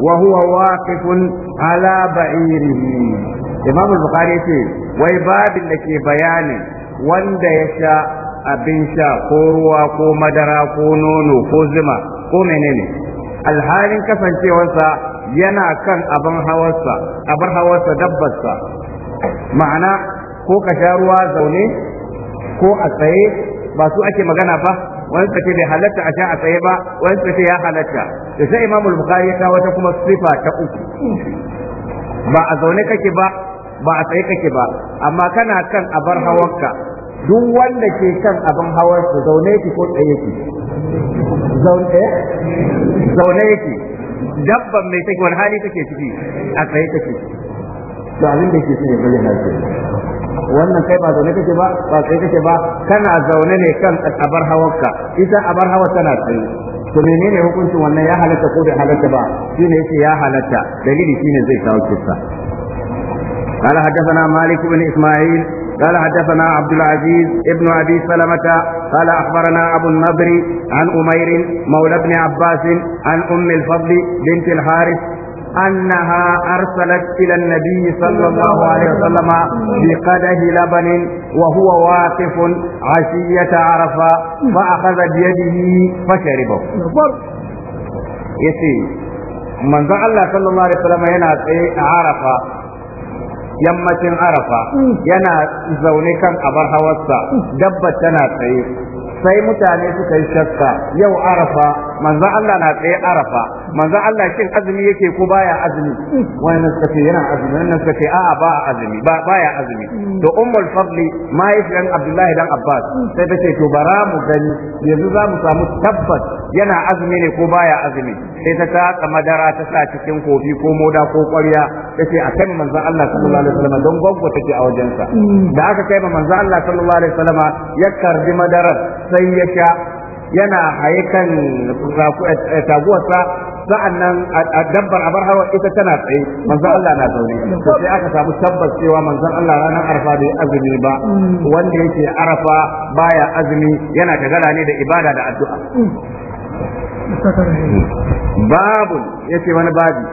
وهو واقف على بعيره إمام البخاري يقول ويباب bayanin wanda ya sha abin sha ko ruwa ko madara ko nono ko zuma ko menene alhalin kasancewarsa yana kan abar hawarsa abin hawarsa dabbarsa ma'ana ko ka sha ruwa zaune ko a tsaye ba su ake magana ba wani suka ce bai halatta a sha a tsaye ba wani suka ce ya halatta da sai imamu bukhari ya wata kuma sifa ta uku ba a zaune kake ba ba a tsaye kake ba amma kana kan abar hawanka duk wanda ke kan abin hawar su zaune yake ko tsaye yake zaune eh? zaune yake dabban mai take wani hali take ciki a tsaye take to abin da ke son ya bayyana ke wannan kai ba zaune kake ba ba kai kake ba kana zaune ne kan abar hawarka ita abar hawa tana tsaye to menene hukuncin wannan ya halatta ko bai halatta ba shine yace ya halatta dalili shine zai kawo kissa قال حدثنا مالك بن اسماعيل قال حدثنا عبد العزيز ابن ابي سلمة قال اخبرنا ابو النضر عن امير مولى ابن عباس عن ام الفضل بنت الحارث أنها أرسلت إلى النبي صلى الله عليه وسلم بقده لبن وهو واقف عشية عرفة فأخذ بيده فشربه يسي من ذا الله صلى الله عليه وسلم هنا عرفة yammacin عرفة yana zaune kan abar hawarsa dabba tana sai mutane suka yi shakka yau arafa manzon Allah na tsaye arafa manzon Allah shin azumi yake ko baya azumi wannan suka ce yana azumi wannan suka ce a'a ba azumi ba baya azumi to ummul fadli mahaifiyar Abdullahi dan Abbas sai ta ce to bara mu gani yanzu za mu samu tabbas yana azumi ne ko baya azumi sai ta taka madara ta sa cikin kofi ko moda ko ƙwarya ta ce a kan manzon Allah sallallahu alaihi wasallam don gwagwa take a wajensa da aka kai ma manzon Allah sallallahu alaihi wasallam ya karbi madarar sai ya sha yana haye kan eh, eh, taguwarsa nan a dabbar a bar hawa ita tana tsaye manzan Allah na zaune to sai aka samu tabbas cewa manzan Allah ranar arfa bai azumi ba mm. wanda yake arafa baya azumi yana ta gara ne da ibada da addu'a babu ya ce wani babi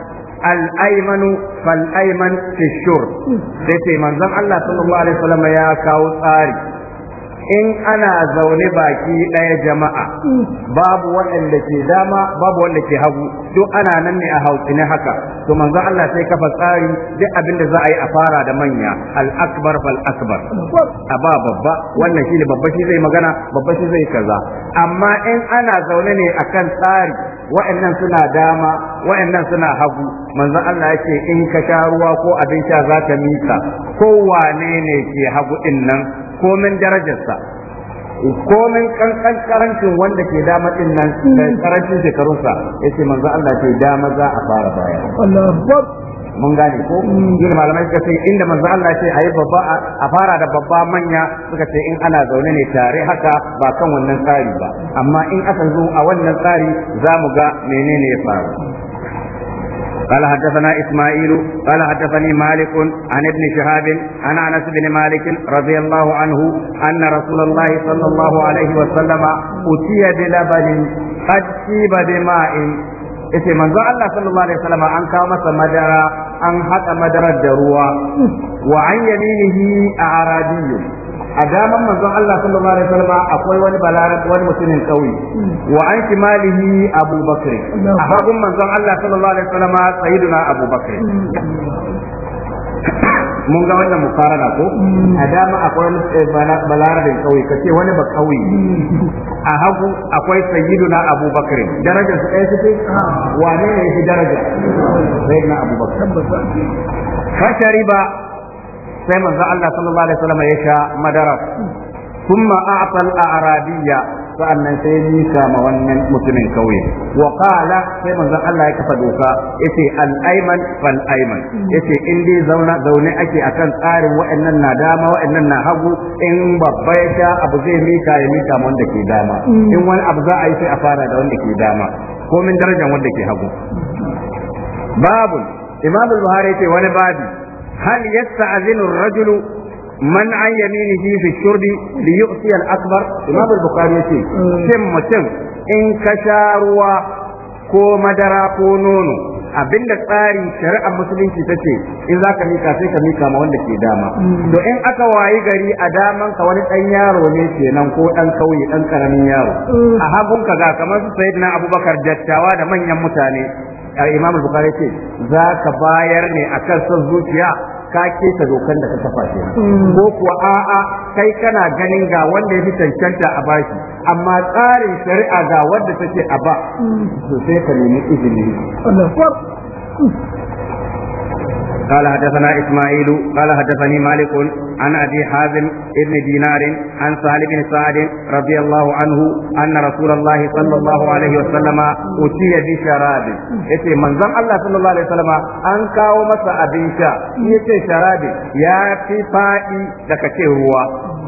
al'aimanu fal'aiman fishur shur sai ce manzon Allah sallallahu alaihi wasallam ya kawo tsari in ana zaune baki ɗaya jama'a babu waɗanda ke dama babu wanda ke hagu duk ana nan ne a hausi ne haka to manzo Allah sai kafa tsari duk abin da za a yi a fara da manya al akbar fal akbar a ba babba wannan shi ne babba shi zai magana babba shi zai kaza amma in ana zaune ne akan tsari wa'annan suna dama wa'annan suna hagu manzo Allah yake in ka sha ruwa ko abin sha za ka mika ko wane ne ke hagu din nan komin darajarsa komin kankan karancin wanda ke dama din nan karancin mm. shekarunsa yace manzo Allah ce dama za a fara baya mun gane ko yin mm. malamai suka ce inda manzo Allah ce ayi babba a fara da babba manya suka ce in ana zaune ne tare haka ba kan wannan tsari ba amma in aka zo a wannan tsari za mu ga menene ya faru قال حدثنا إسماعيل قال حدثني مالك عن ابن شهاب عن أنس بن مالك رضي الله عنه أن رسول الله صلى الله عليه وسلم أتي بلبن قد شيب بماء yace manzo Allah sallallahu alaihi wasallam an kawo masa madara an haɗa madarar da ruwa wa an yaminihi a arabiyyun a daman manzon Allah sallallahu alaihi wasallam akwai wani balaran wani mutumin kauye wa an kimalihi Abu Bakr a hagun manzon Allah sallallahu alaihi wasallam sayyiduna Abu Bakr mun ga wannan mukarana ko a dama akwai eh, balarabin kauye kace wani ba kauye a hagu akwai sayyiduna abubakar darajar su ɗaya suke wane ne yake daraja sayyiduna abubakar fashari ba sai manzo Allah sallallahu alaihi wasallam ya sha madara kuma al a'rabiyya sa'annan sai ya mika ma wannan mutumin kauye wa qala sai manzo Allah ya kafa doka yace al ayman fal ayman yace in dai zauna zaune ake akan tsarin wa'annan na dama wa'annan na hagu in babba ya sha abu zai mika ya mika ma wanda ke dama in wani abu za a yi sai a fara da wanda ke dama komin darajar wanda ke hagu babu imam buhari yace wani babu هل يستأذن الرجل من عن يمينه في الشرب ليؤتي الأكبر إمام البخاري يقول شم شم إن كشاروا كو مدرا نونو abin da tsarin shari'ar musulunci ta ce in za ka mika sai ka mika ma wanda ke dama to in aka wayi gari a daman ka wani dan yaro ne ke nan ko dan kauye dan karamin yaro a hagun ka ga kamar su sayyidina abubakar dattawa da manyan mutane imam bukhari ce za ka bayar ne akan son zuciya ka keta dokan da ka kafa ce ko kuwa a'a kai kana ganin ga wanda ya fi cancanta a bashi amma tsarin shari'a ga wanda take a ba to sai ka nemi izini قال حدثنا إسماعيل قال حدثني مالك عن أبي حازم بن دينار عن سالم بن سعد رضي الله عنه أن رسول الله صلى الله عليه وسلم أتي بشراب يتي من زم الله صلى الله عليه وسلم أن كاو مسا أبن شا يتي شراب يا فائي دكتي هو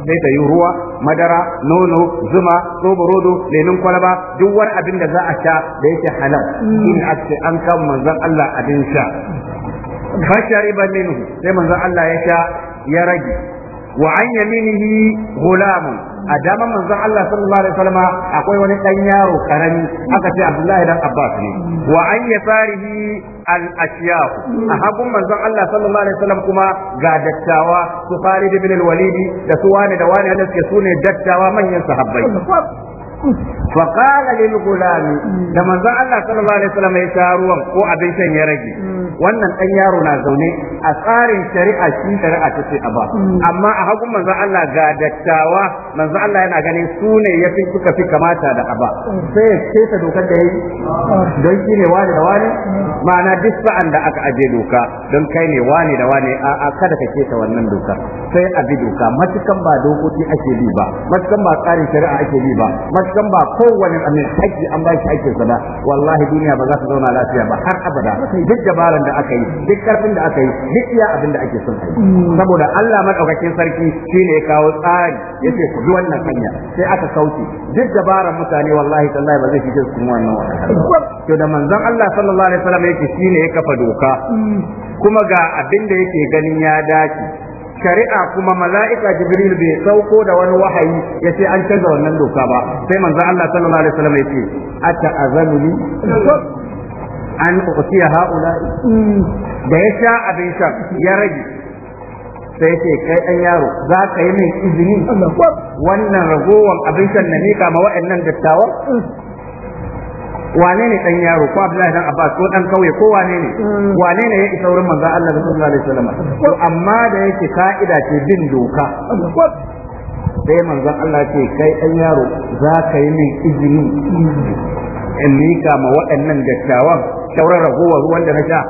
sai ta yi ruwa madara nono zuma rodo lemun kwalaba duk wani abin da za a sha da yake halal in an kan manzon Allah abin sha fashariba minhu sai manzon Allah ya sha ya rage wa an yaminihi gulamun a daman manzon Allah sallallahu alaihi wasallam akwai wani dan yaro karami aka ce Abdullahi dan Abbas ne wa an yasarihi al ashyaq a hagun manzon Allah sallallahu alaihi wasallam kuma ga dattawa su Farid ibn al-Walid da su wani da wani da suke sune dattawa manyan sahabbai فقال للغلام لما زال الله صلى الله عليه وسلم ya sha ruwan ko abin shan ya rage wannan dan yaro na zaune a tsarin shari'a shi shari'a ta ce aba amma a hagun manzon Allah ga dattawa manzon Allah yana ganin su ne yafi suka fi kamata da aba sai ya keta dokar da yayi don shi ne wani da wani ma'ana duk sa'an da aka aje doka don kai ne wani da wani a a kada ka keta wannan dokar sai a bi doka matukan ba dokoki ake bi ba matukan ba tsarin shari'a ake bi ba san ba kowane mai haƙƙi an ba shi haƙƙin sa ba wallahi duniya ba za ta zauna lafiya ba har abada duk dabaran da aka yi duk karfin da aka yi duk iya abin da ake son kai, saboda Allah madaukakin sarki shine ya kawo tsari yace ku bi wannan hanya sai aka kauce duk dabaran mutane wallahi tallahi ba zai fice su kuma wannan wahala to da manzon Allah sallallahu alaihi wasallam yake shine ya kafa doka kuma ga abin da yake ganin ya dace shari'a kuma mala'ika jibril bai sauko da wani wahayi ya ce an canza wannan doka ba sai manzo Allah sallallahu alaihi wasallam ya ce ata azanu li an uqtiya haula da ya sha abin sha ya rage sai ce kai ɗan yaro za ka yi min izini wannan ragowar abin sha na mika ma waɗannan dattawa wane ne dan yaro ko Abdullahi dan Abbas ko dan kauye ko wane ne mm. wane ne ya isa wurin manzon Allah sallallahu alaihi wasallam to amma da yake ka'ida ce bin doka sai manzon Allah ce kai dan yaro za ka yi min izini in ka ma waɗannan dattawan shaurar ragowar ruwan da na sha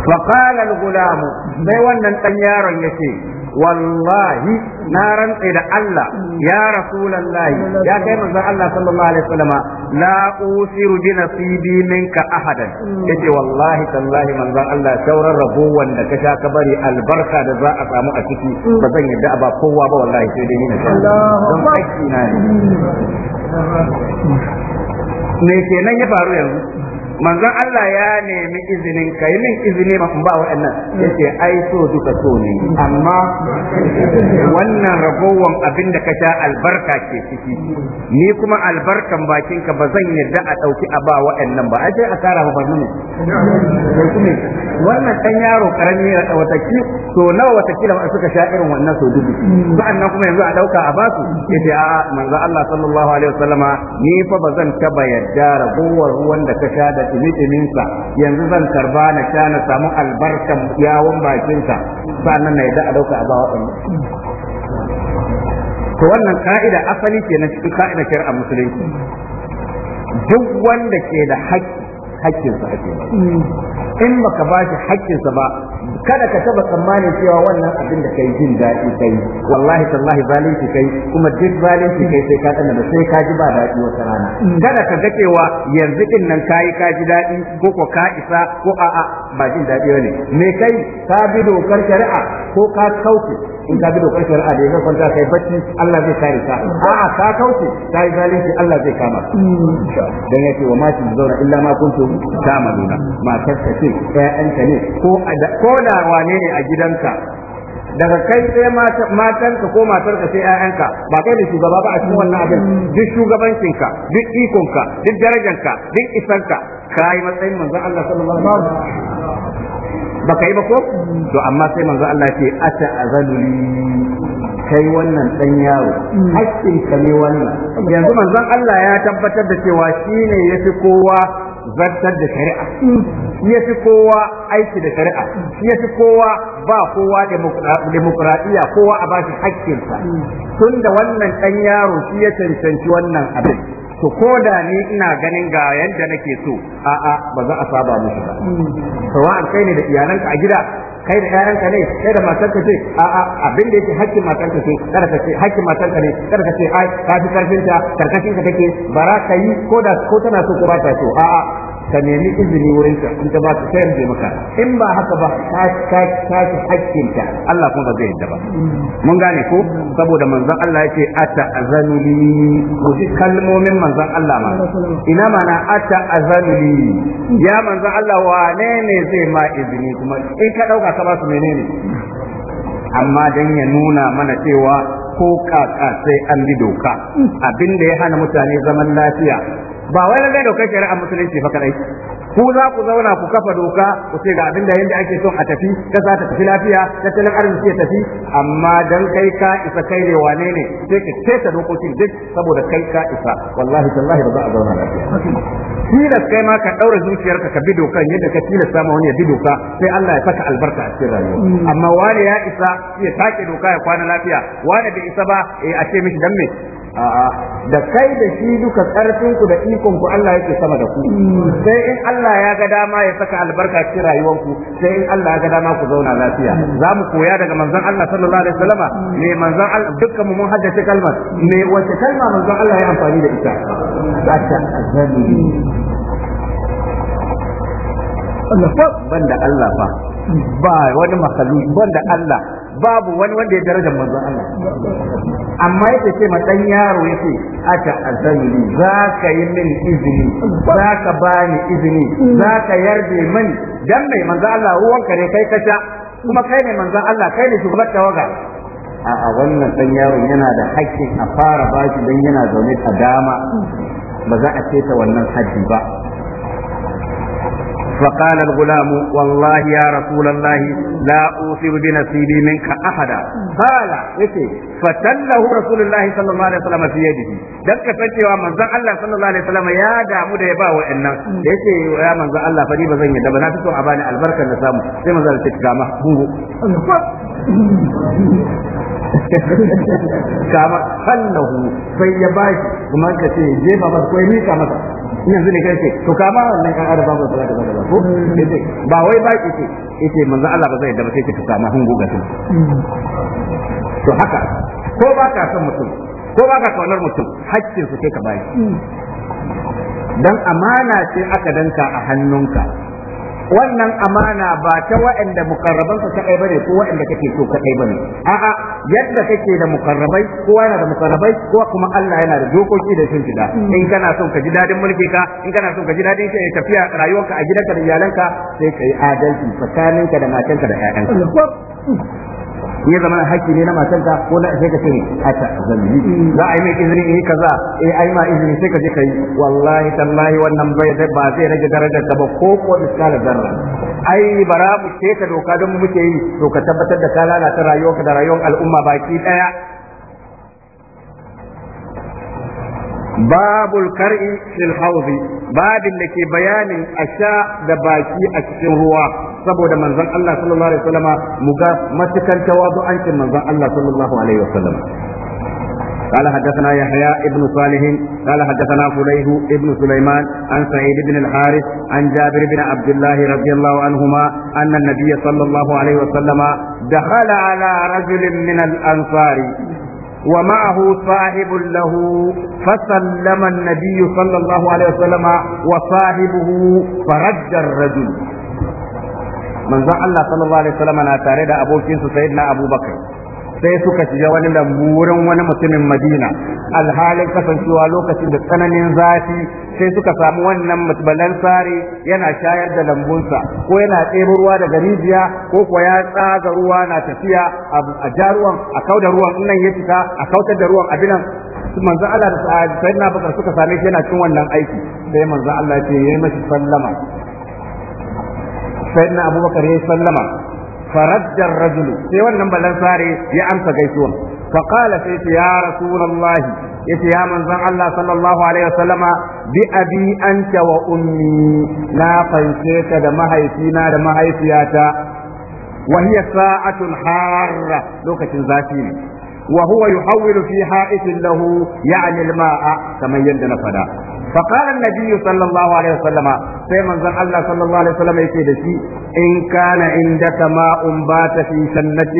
فقال الغلام sai wannan dan yaron yace wallahi na rantse da Allah ya rasulullahi ya kai manzon Allah sallallahu alaihi wasallama la usiru bi nasibi minka ahadan yace wallahi tallahi manzon Allah sauran rabo wanda ka sha kabari albarka da za a samu a ciki ba zan yadda ba kowa ba wallahi sai dai ni na don aiki na ne me kenan ya faru yanzu manzon Allah ya nemi izinin kai min izini ma ba wa'annan yace ai so duka so ne amma wannan ragowan abinda ka sha albarka ke ciki ni kuma albarkan bakinka ba zan yarda a dauki a ba wa'annan ba ai sai a kara ba ne wannan dan yaro karami wata ki to nawa wata kila suka sha irin wannan so dubu sa'annan kuma yanzu a dauka a basu yace a manzon Allah sallallahu alaihi wasallama ni fa ba zan taba yarda ragowar ruwan da ka sha da tsumi yanzu zan karba na sha na samu albarkan yawon bakinsa sannan na yadda a dauka a ba waɗanda to wannan ka'ida asali ke na cikin ka'ida a musulunci duk wanda ke da haƙƙi haƙƙinsa ake mm. in baka ba shi haƙƙinsa ba kada ka taba tsammanin cewa wannan abin da kai jin daɗi kai wallahi tallahi ki kai kuma duk ki kai sai ka dana sai ka ji ba daɗi wata rana kada ka ga cewa yanzu din nan kai ka ji daɗi ko ko ka isa ko a'a ba jin daɗi ne me kai ka bi dokar shari'a ko ka kauce in ka bi dokar shari'a da ya kwanta kai bacci Allah zai kare ka a'a ka kauce kai zalunci Allah zai kama dan yake wa ma zauna illa ma kuntum ta'maluna matar ka ce ƴaƴanka ne ko ko da wane ne a gidanka daga kai sai matanka ko matarka sai ƴaƴanka ba kai da shugaba ba a cikin wannan abin duk ka duk ikonka duk darajanka duk isanka kai matsayin manzon Allah sallallahu alaihi wasallam baka yi ba ko to amma sai manzo Allah ce ata azaluli kai wannan dan yaro hakkin ka ne wannan yanzu manzon Allah ya tabbatar da cewa shine yafi kowa zartar da shari'a yafi kowa aiki da shari'a shi yafi kowa ba kowa demokradiya kowa a bashi hakkinsa tunda wannan dan yaro shi ya cancanci wannan abin to ko da ni ina ganin ga yadda nake so a'a ba za a saba musu ba wa kai ne da iyalanka a gida kai da ƴaƴanka ne kai da matarka ce a'a abin da yake hakkin matarka ce kada ka ce hakkin matarka ne kada ka ce ai ka fi karfin ta karkashin ka take bara ka yi ko da ko tana so ko ba ta so a'a ka nemi izini wurin ka in ta ba ka sayar da maka in ba haka ba ka ka ka hakkin ka Allah kuma ba zai yadda ba mun gane ko saboda manzon Allah yake ata azanuli ko kalmomin manzon Allah ma ina mana ata azanuli ya manzon Allah wa ne zai ma izini kuma in ka dauka ka ba su menene amma dan ya nuna mana cewa ko kaka sai an bi doka abin da ya hana mutane zaman lafiya ba wai lallai dokar shari'a musulunci fa kadai ku za ku zauna ku kafa doka ku ce ga abin da yanda ake son a tafi kasa ta tafi lafiya tattalin arziki ya tafi amma dan kai ka isa kai ne wane ne sai ka kesa dokokin duk saboda kai ka isa wallahi tallahi ba za a zauna lafiya tilas kai ma ka daura zuciyarka ka bi dokan yadda ka tilasta ma wani ya bi doka sai Allah ya saka albarka a cikin rayuwa mm. amma wani ya isa ya take doka ya kwana lafiya wani bai isa ba eh, a ce mishi dan me a'a da kai da shi duka karfin ku da ikon ku Allah yake sama da ku sai in Allah ya ga dama ya saka albarka cikin rayuwar ku sai in Allah ya ga dama ku zauna lafiya za mu koya daga manzon Allah sallallahu alaihi wasallama me manzon Allah dukkan mu mun haddace kalmar me wace kalma manzon Allah ya amfani da ita zata azami Allah fa banda Allah fa ba wani makalu banda Allah babu wani wanda ya darajar manzo Allah amma yake ce ma ɗan yaro yake aka azali za ka yi min izini za ka bani izini za ka yarda min dan mai manzo Allah ruwan ne kai kasha kuma kai ne manzo Allah kai ne shugaban tawaga a'a wannan dan yaron yana da haƙƙin a fara bashi dan yana zaune a dama ba za a keta wannan haddi ba فقال الغلام والله يا رسول الله لا أوصي بنصيبي منك أحدا قال فتله رسول الله صلى الله عليه وسلم في يده دك فتوى من زن الله صلى الله عليه وسلم يا دامو دا يبا وإن يتي يا من زن الله فدي بزن يدب نافسه أباني البركة لسامه سيما زال تتكامه kama kallahu sai ya bashi kuma ka ce jefa masa ko ya mika masa yanzu ne kai ce to kama wannan kan arba ba za ka zaka ko mm. yace ba wai ba ki ce yace manzo Allah ba zai da ba sai ki kama hungu ga mm. to haka ko ba ka san mutum ko ba ka kaunar mutum haƙƙin su sai ka bayi mm. dan amana ce aka danka a hannunka wannan amana ba ta waɗanda mukarrabanka kaɗai bane ko waɗanda kake so ka kaɗai bane a'a yadda kake da mukarrabai kowa yana da mukarrabai kowa kuma Allah yana da dokoki da shin gida mm. in kana son ka ji dadin mulki ka in kana son ka ji dadin kai tafiya rayuwarka a gidanka da iyalanka sai kai adalci tsakaninka da matanka da ƴaƴanka ya zama na haƙƙi ne na matanka ko na ake ka ne a ta za a yi mai izini eh kaza eh ai ma izini sai ka je yi. wallahi tallahi wannan bai ba zai rage darajar ta ba ko ko miskala zarra ai bara mu ce ka doka don mu muke yi to ka tabbatar da ka lalata rayuwarka da rayuwar al'umma baki ɗaya. babul kar'i fil hawzi babin da ke bayanin asha da baki a cikin ruwa saboda manzon Allah sallallahu alaihi wasallam muga matukan tawadu'ancin manzon Allah sallallahu alaihi wasallam قال حدثنا يحيى ابن صالح قال حدثنا فليه ابن سليمان عن سعيد بن الحارث عن جابر بن عبد الله رضي الله عنهما أن النبي صلى الله عليه وسلم دخل على رجل من الأنصار ومعه صاحب له فسلم النبي صلى الله عليه وسلم وصاحبه فرد الرجل manzon Allah sallallahu alaihi wasallam na tare da abokinsa sayyidina na Abubakar. sai suka shiga wani lambu wurin wani mutumin madina alhalin kasancewa lokacin da tsananin zafi sai suka samu wannan mutbalan sare yana shayar da lambunsa ko yana ɗebo ruwa daga rijiya ko kuwa ya tsaga ruwa na tafiya a ja a kauda ruwan nan ya fita a kautar da ruwan abinan manzo Allah da sayyidina Bakar suka same shi yana cin wannan aiki sai manzo Allah ya ce yayi mashi sallama sayyidina Abubakar yi sallama فرد الرجل sai wannan balansare ya amsa gaisuwa فقال سيت يا رسول الله يت يا من زن الله صلى الله عليه وسلم بأبي أنت وأمي لا فنسيك دمهيتنا دمهيتياتا وهي ساعة حارة لوكة ذاتين وهو يحول في حائط له يعني الماء كما يندن فدا فقال النبي صلى الله عليه وسلم سيما زن الله صلى الله عليه وسلم يكيدشي إن كان عندك ماء بات في سنة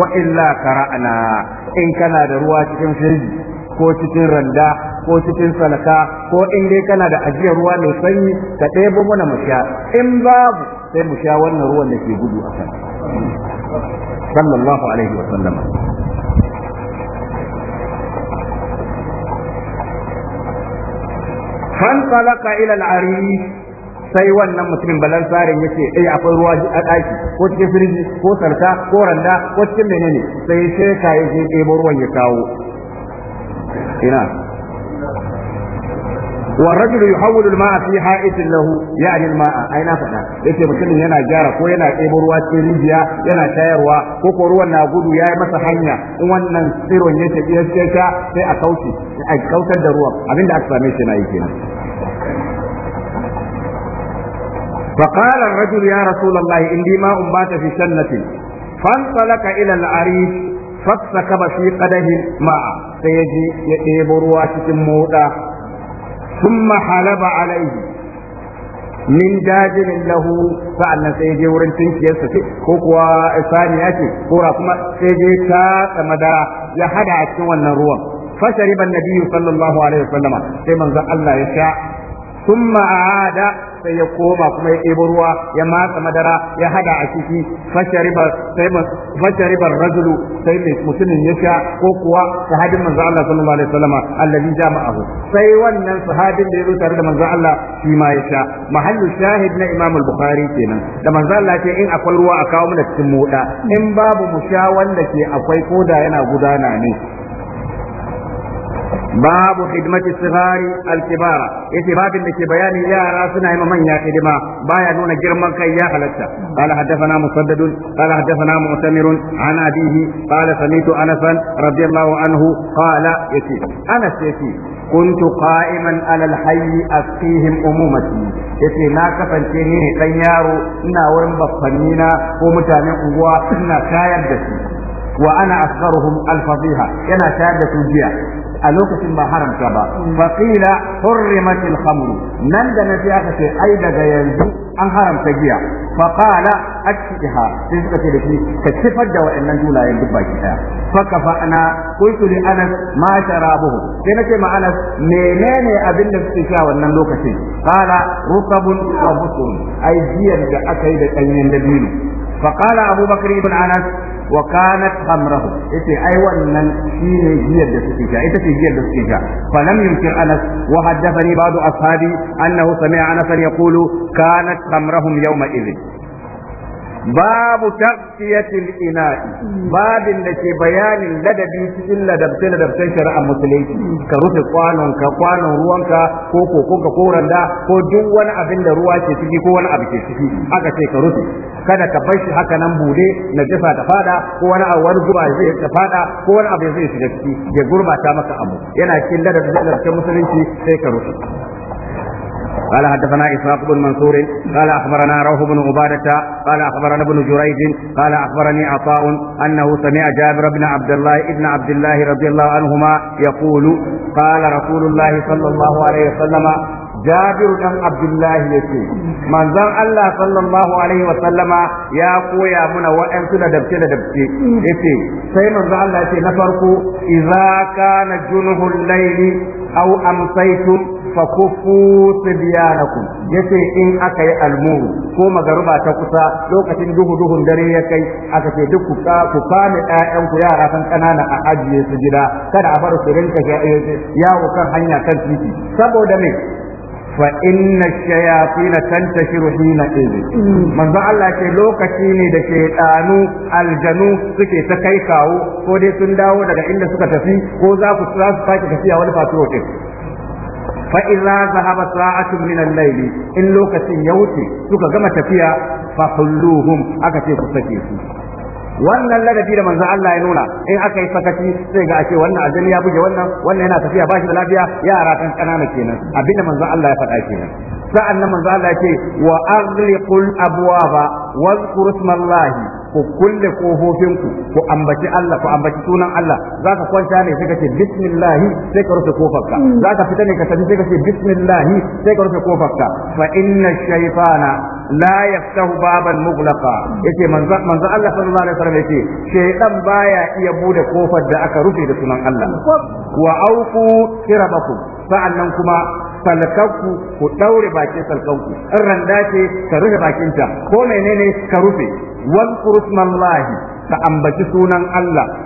وإلا قرأنا إن كان دروا cikin firji ko cikin randa ko cikin salaka ko in dai kana da ajiyar ruwa mai sanyi ka ɗebo mana mu sha in babu sai mu sha wannan ruwan da ke gudu a kan sallallahu alaihi wa sallama fantalaka ila al sai wannan mutumin balan tsarin yace eh akwai ruwa a daki ko cikin firiji ko sarka ko randa ko cikin menene sai sai ka yi ɗebo ruwan ya kawo ina والرجل يحول الماء في حائط له يعني الماء اين فدا yace mutumin yana gyara ko yana ɗebo ruwa cikin rijiya yana tayarwa ko ko ruwan na gudu ya yi masa hanya in wannan tsiron ya tafi ya sai a kauce a kautar da ruwan abinda aka same shi na yi kenan فقال الرجل يا رسول الله إني ما أمات في سنة فانطلق إلى العريس فاستكب في قده ya سيجي ruwa cikin موتا ثم حلب عليه min dajinin lahu sa'annan sai je wurin tinkiyarsa ce ko kuwa ya ce ko kuma sai ta madara ya hada a cikin wannan ruwan fashariban nabiyyu sallallahu alaihi wasallam sai manzon Allah ya sha thumma aada sai ya koma kuma ya ɗebo ruwa ya matsa madara ya hada a ciki fasharibar sai fasharibar rajulu sai mai mutumin ya sha ko kuwa sahabin manzo Allah sallallahu alaihi wasallam allazi jama'ahu sai wannan sahabin da ya zo tare da manzo Allah shi ma ya sha mahallu shahid na Imam al-Bukhari kenan da manzo Allah ce in akwai ruwa a kawo mana cikin moda in babu mu sha wanda ke akwai koda yana gudana ne babu khidmati sigari al-kibara yace babin da ke bayani yara suna yi manya hidima baya nuna girman kan ya halatta qala haddathana musaddad qala haddathana mu'tamir an abihi qala samitu anas radiyallahu anhu qala yace anas yace كنت قائما على الحي أسقيهم أمومتي yace na kasance ni ne dan yaro ina wurin baffannina ko mutanen unguwa ina shayar da su wa ana asgharuhum alfadiha yana shayar da su jiya a lokacin ba haramta ba faqila hurrimatil khamru nan da nafi aka ce ai daga yanzu an haramta giya faqala aktiha sai suka ce da shi ka sifar da wa'annan dulayen duk baki daya fakafa'na qultu li anas ma sharabuhu sai nace ma anas menene abin da suke sha wannan lokacin qala rukabun wa busun ai giyan da aka yi da danyen dabino فقال أبو بكر بن wa kanat hamrahu yace ai wannan shine giyar da suke sha ita ce giyar da suke sha fa lam yumkin anas wa haddathani ba'du ashabi annahu sami'a anas yaqulu kanat hamrahum yawma idhin babu taqtiyatil ina'i babin da ke bayanin ladabi cikin ladabtai ladabtai shari'a musulunci ka rufe kwanon kwanon ruwanka ko koko ko randa ko duk wani abin da ruwa ke ciki ko wani abu ke ciki aka ce ka rufe kada ka bar shi haka nan bude na jifa ta fada ko wani abu wani guba zai ta fada ko wani abu zai shiga ciki ya gurbata maka abu yana cikin ladabtai ladabtai musulunci sai ka rufe قال حدثنا إسحاق بن منصور قال أخبرنا روح بن عبادة قال أخبرنا ابن جريج قال أخبرني عطاء أنه سمع جابر بن عبد الله ابن عبد الله رضي الله عنهما يقول قال رسول الله صلى الله عليه وسلم جابر بن عبد الله يتي من زن الله صلى الله عليه وسلم يا قويا منا وأن سنة دبتي دبتي يتي سيما زن الله يتي نفرق إذا كان جنه الليل aw amsaytum fakuffu sibyanakum yace in aka yi almuru ko magaruba ta kusa lokacin duhu duhun dare ya kai aka ce duk ku ku kame ƴaƴan ku yara kan kanana a ajiye su gida kada a bar su rinka yawo kan hanya kan titi saboda me fa inna shayatin tantashiru hina idin manzo Allah ce lokaci ne da shaytanu aljanu suke ta kai kawo ko dai sun dawo daga inda suka tafi ko za ku za su sake tafiya wani fatiro din fa idza zahaba sa'atun min al-layl in lokacin ya wuce suka gama tafiya fa kulluhum aka ce ku sake su wannan ladabi da manzon Allah ya nuna in aka yi sakaci sai ga ake wannan ajali ya buge wannan wannan yana tafiya ba shi da lafiya yara kan kanana kenan abinda manzon Allah ya faɗa kenan sa'an nan manzon Allah ya ce wa aghliqul abwaba wadhkur ismallahi ku kulle kofofinku ku ambaci Allah ku ambaci sunan Allah za ka kwanta ne sai ka ce bismillah sai ka rufe kofarka za ka fita ne ka tafi sai ka ce bismillah sai ka rufe kofarka fa inna shaytana la yaftahu baban mughlaqa yace manzo manzo Allah sallallahu alaihi wasallam yace shaytan baya iya bude kofar da aka rufe da sunan Allah wa auku kirabakum sa'annan kuma salkanku ku daure bakin salkanku in randa ce ka rufe bakinta ko menene ka rufe wal qurusmallahi ka ambaci sunan Allah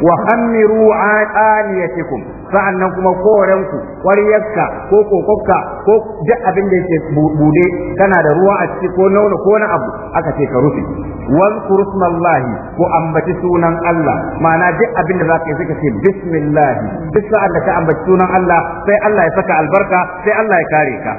wa khamiru aniyatikum sa'annan kuma korenku ƙwaryarka ko kokokka ko duk abin da yake bude kana da ruwa a ciki ko nono ko na abu aka ce ka rufe wazkur ismallahi ko ambaci sunan Allah ma'ana duk abin da zaka yi sai ce bismillah duk Allah ka ambaci sunan Allah sai Allah ya saka albarka sai Allah ya kare ka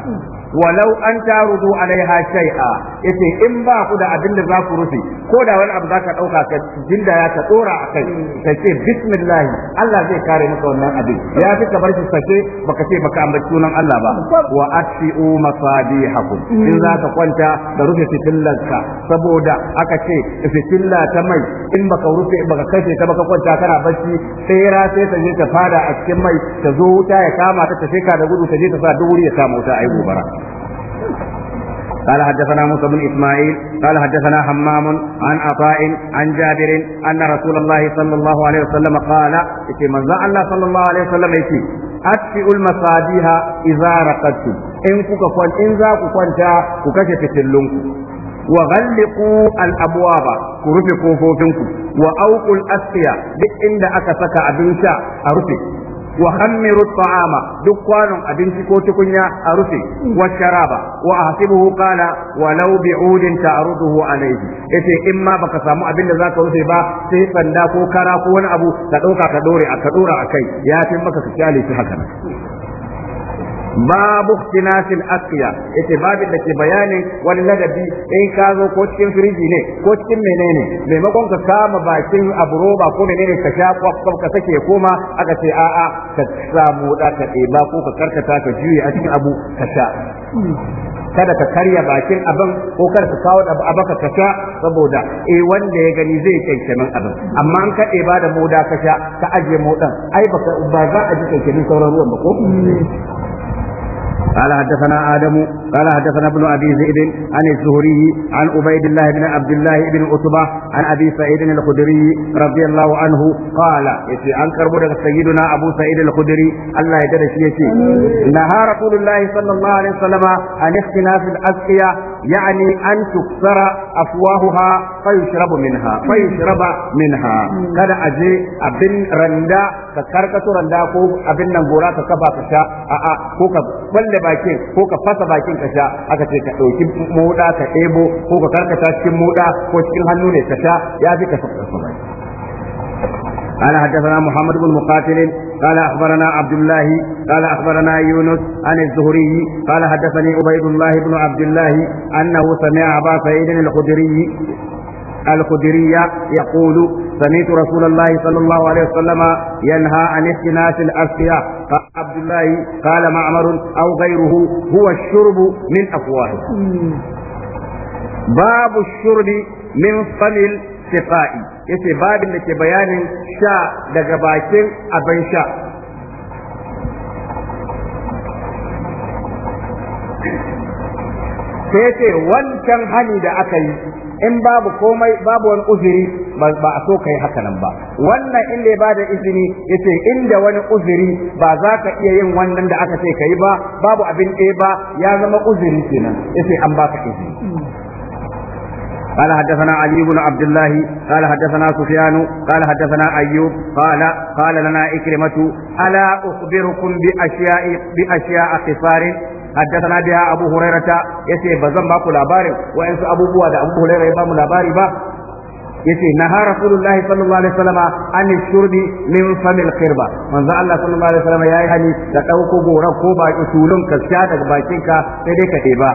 walau an tarudu alaiha shay'a yace in ba ku da abin da za ku rufe ko da wani abu zaka ka dauka ka jinda ya ka dora a kai ka ce bismillah Allah zai kare maka wannan abin ya fi ka bar shi sake baka ce baka ambaci sunan Allah ba wa atfi'u masadihakum in za ka kwanta ka rufe fitillanka saboda aka ce fitilla ta mai in baka rufe baka kashe ta baka kwanta kana bacci sai sai ta je ta fada a cikin mai ta zo wuta ya kama ta tafi ka da gudu ta je ta sa duri ya kama wuta ai gobara قال حدثنا موسى بن اسماعيل قال حدثنا حمام عن عطاء عن جابر ان رسول الله صلى الله عليه وسلم قال في من الله صلى الله عليه وسلم يتي أطفئوا المصابيح إذا رقدت إن كوكا إن ذا كوكا كوكا تتلونكم wa ghalliqu al-abwaba ku rufe kofofinku wa auqul asqiya duk inda wa khammiru ta'ama duk kwanon abinci ko tukunya a rufe wa sharaba wa ahsibuhu qala a bi'udin ta'ruduhu alayhi yace in ma baka samu abin da zaka rufe ba sai sanda ko kara ko wani abu ka dauka ka dore a ka dora akai ya fi maka ka kyale shi haka babu ikhtilafil asqiya yace babin da ke bayanin wani ladabi in ka zo ko cikin firiji ne ko cikin menene maimakon ka kama bakin abu roba ko menene kasha sha kwakwaf ka sake koma aka ce a'a ka samu da ka ɗeba ko ka karkata ka juye a cikin abu kasha. sha kada ka karya bakin abin ko kada ka kawo da abin kasha saboda eh wanda ya gani zai kyankyamin abin amma an ka ba da moda kasha ka aje modan ai ba za a ji kyankyamin sauran ruwan ba ko قال حدثنا آدم قال حدثنا ابن أبي زيد عن الزهري عن عبيد الله بن عبد الله بن عتبة عن أبي سعيد الخدري رضي الله عنه قال يتي عن كربون سيدنا أبو سعيد الخدري الله يدرس يتي نهى رسول الله صلى الله عليه وسلم عن اختلاف الأسقية يعني أن تكسر أفواهها فيشرب منها فيشرب منها kada a je abin randa ka karkato randa ko abin nan gora ka kafa ka sha a'a ko ka tsalle bakin ko ka fasa bakin ka sha aka ce ka ɗauki moda ka ɗebo ko ka karkata cikin moda ko cikin hannu ne ka sha ya fi ka saka قال حدثنا محمد بن مقاتل قال اخبرنا عبد الله قال اخبرنا يونس عن الزهري قال حدثني عبيد الله بن عبد الله انه سمع ابا سعيد الخدري الخدرية يقول سمعت رسول الله صلى الله عليه وسلم ينهى عن اختناس الأسقياء قال عبد الله قال معمر أو غيره هو الشرب من أفواه باب الشرب من فم السقاء yace babin da ke bayanin sha daga bakin abin sha sai ce wancan hali da aka yi in babu komai babu wani uzuri ba a so kai haka nan ba wannan in ba bada izini yace inda wani uzuri ba za ka iya yin wannan da aka ce kai ba babu abin ɗaya ba ya zama uzuri kenan yace an baka izini قال حدثنا علي بن عبد الله قال حدثنا سفيان قال حدثنا ايوب قال قال لنا اكرمه الا اخبركم باشياء باشياء قصار حدثنا بها أبو هريرة يسي بزن باكو لاباري وإنس أبو بواد أبو هريرة يبام Ya با yace naha rasulullahi sallallahu alaihi wasallam an shurbi min famil qirba manzo Allah sallallahu alaihi wasallam yayi hani da ɗauko goran ko baki tulun ka daga bakin ka sai dai ka ba